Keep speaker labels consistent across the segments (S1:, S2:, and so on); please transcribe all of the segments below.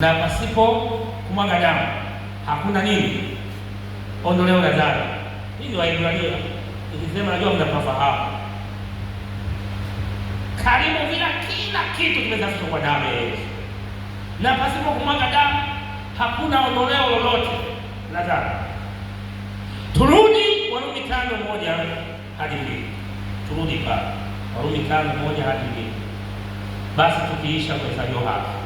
S1: Na pasipo kumwaga damu hakuna nini ondoleo la dhambi. Hili Waebrania ikisema, najua mnafahamu karibu vila kila kitu kimesafishwa kwa damu ya Yesu, na pasipo kumwaga damu hakuna ondoleo lolote la dhambi. Turudi Warumi tano moja hadi mbili, turudi pa Warumi tano moja hadi mbili. Basi tukiisha kuhesabiwa haki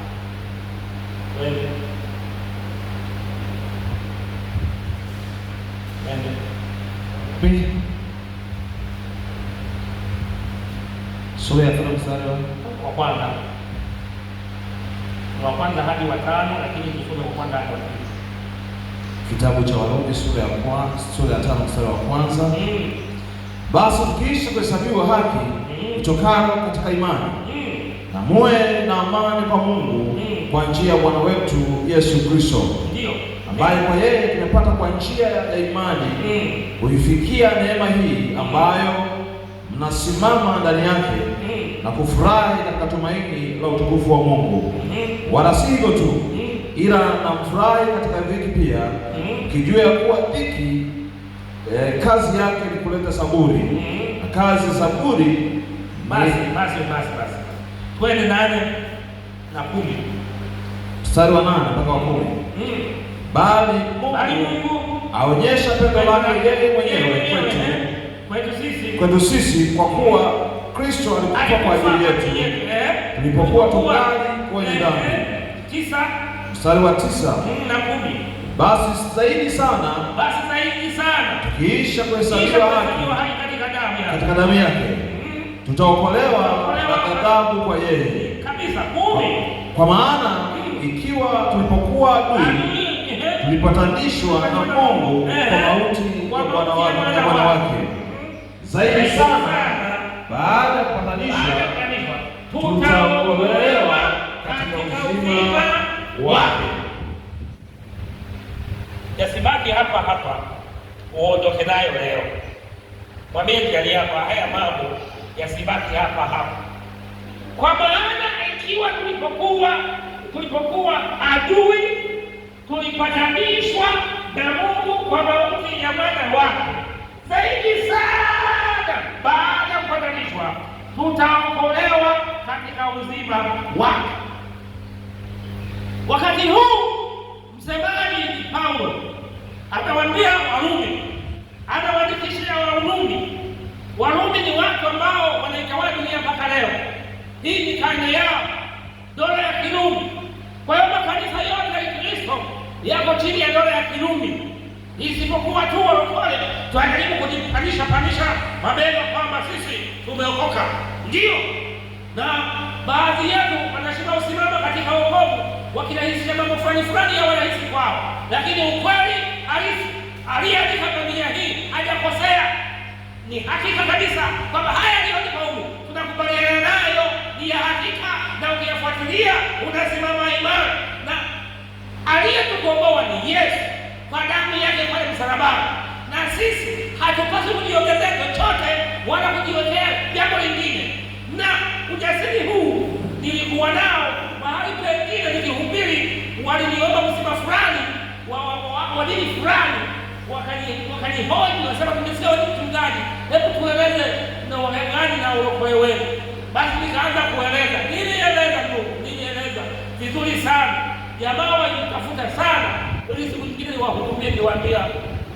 S1: sura ya tano mstari
S2: wa kwanza wa kwanza hadi wa tano, lakini tusome wa kwanza hadi wa
S1: Kitabu cha Warumi sura ya kwanza sura ya tano mstari wa kwanza Basi tukiisha kuhesabiwa haki kutokana mm. katika imani mm na muwe na amani kwa Mungu mm. kwa njia ya Bwana wetu Yesu Kristo, ambaye kwa yeye tumepata kwa njia ya imani kuifikia mm. neema hii ambayo mnasimama ndani yake mm. na kufurahi katika tumaini la utukufu wa Mungu. Wala si hivyo tu, ila namfurahi katika dhiki pia, kijua ya kuwa dhiki eh, kazi yake ni kuleta saburi na kazi ya saburi
S2: basi basi basi basi Twende nane na kumi
S1: mstari wa nane mpaka wa kumi mm. Bali Mungu aonyesha pendo lake yeye mwenyewe
S2: kwetu eh,
S1: kwetu sisi kwa kuwa Kristo alikufa kwa ajili yetu eh. tulipokuwa tungali kwenye eh, dhambi. Mstari wa tisa
S2: hmm, na kumi
S1: basi zaidi sana
S2: basi zaidi sana
S1: tukiisha kuhesabiwa
S2: haki
S1: katika damu yake tutaokolewa na adhabu kwa yeye
S2: kabisa. Kumbe
S1: kwa maana ikiwa tulipokuwa adui tulipatanishwa na Mungu kwa mauti ya Bwana wake, zaidi sana baada ya kupatanishwa tutaokolewa katika uzima wake.
S2: Yasibaki hapa hapa, uondoke nayo leo. Mwambie jirani yako haya mambo yasibaki hapa hapa, kwa maana ikiwa tulipokuwa tulipokuwa adui tulipatanishwa na Mungu kwa mauti ya mwana wake, zaidi sana baada ya kupatanishwa tutaokolewa katika uzima wake. Wakati huu msemaji Paulo, anawaambia Warumi, anawaandikishia Warumi Warumi Hii ni karne yao, dola ya Kirumi. Kwa hiyo makanisa yote ya Kristo yako chini ya dola ya Kirumi, isipokuwa tu walokole tunajaribu kujipanisha panisha mabega kwamba sisi tumeokoka. ndio na baadhi yetu wanashinda usimama katika wokovu, wakirahisisha mambo fulani fulani ya rahisi kwao, lakini ukweli halisi aliyeandika Biblia hii hajakosea. Ni hakika kabisa kwamba haya ndiyo ni Mungu, tunakubaliana nayo hakika na ukiyafuatilia unasimama imara, na aliyetukomboa ni Yesu kwa damu yake pale msalabani, na sisi hatupaswi kujiongezea chochote wala kujiongezea jambo lingine. Na ujasiri huu nilikuwa nao mahali pengine nikihubiri, waliniomba msiba fulani wa dini fulani, wakanihoji wasema, mchungaji, hebu tueleze na wagani na uokoe wenu basi nikaanza kueleza, tu nini, eleza vizuri sana, jamaa wajitafuta sana, ili siku nyingine niwahudumie, niwaambia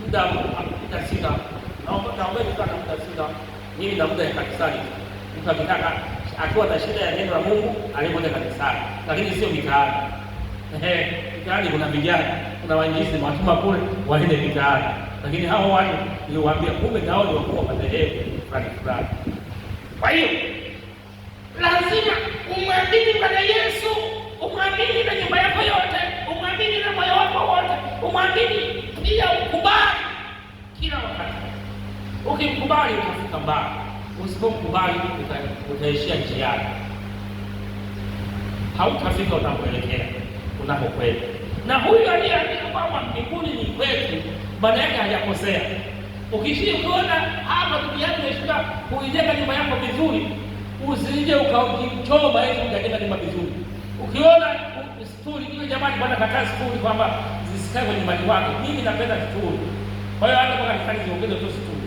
S2: muda muda naomba naombeni sana muda sina, mimi na muda ya kanisani. Mtu akitaka akiwa na shida ya neno la Mungu alimoja kanisani, lakini sio mitaani. Ehe, mitaani kuna vijana, kuna waingizi matuma kule, waende mitaani, lakini hao watu niliwaambia, kumbe nao ni wakuu wa madhehebu fulani fulani. Kwa hiyo lazima umwamini Bwana Yesu, umwamini na nyumba yako yote, umwamini na moyo wako wote, umwamini pia ukubali kila wakati. Ukimkubali utafika mbali, usipokubali utaishia njiani, hautafika unapoelekea, unapokwenda. Na huyu aliyeandika kwamba mbinguni ni kwetu, maana yake hajakosea. Ukishia kuona hapa duniani umeshinda kuijenga nyumba yako vizuri usije ukajitoba ili ukajenga nyuma vizuri. Ukiona stuli ile, jamani bwana, kataa stuli kwamba zisikae kwenye mali wako. Mimi napenda stuli, kwa hiyo hata kwa kafani ziongeze tu stuli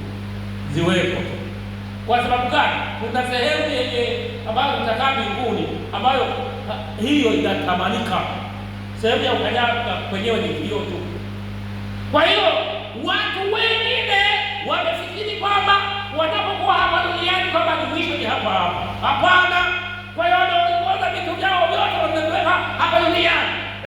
S2: ziwepo. Kwa sababu gani? Kuna sehemu yenye ambayo mtakaa mbinguni ambayo hiyo inatamanika. Sehemu ya ukanyaga kwenyewe ni hiyo tu. Kwa hiyo watu wengine wamefikiri kwa kwao. Hapana. Kwa hiyo wanaongoza vitu vyao vyote wanaviweka hapa duniani.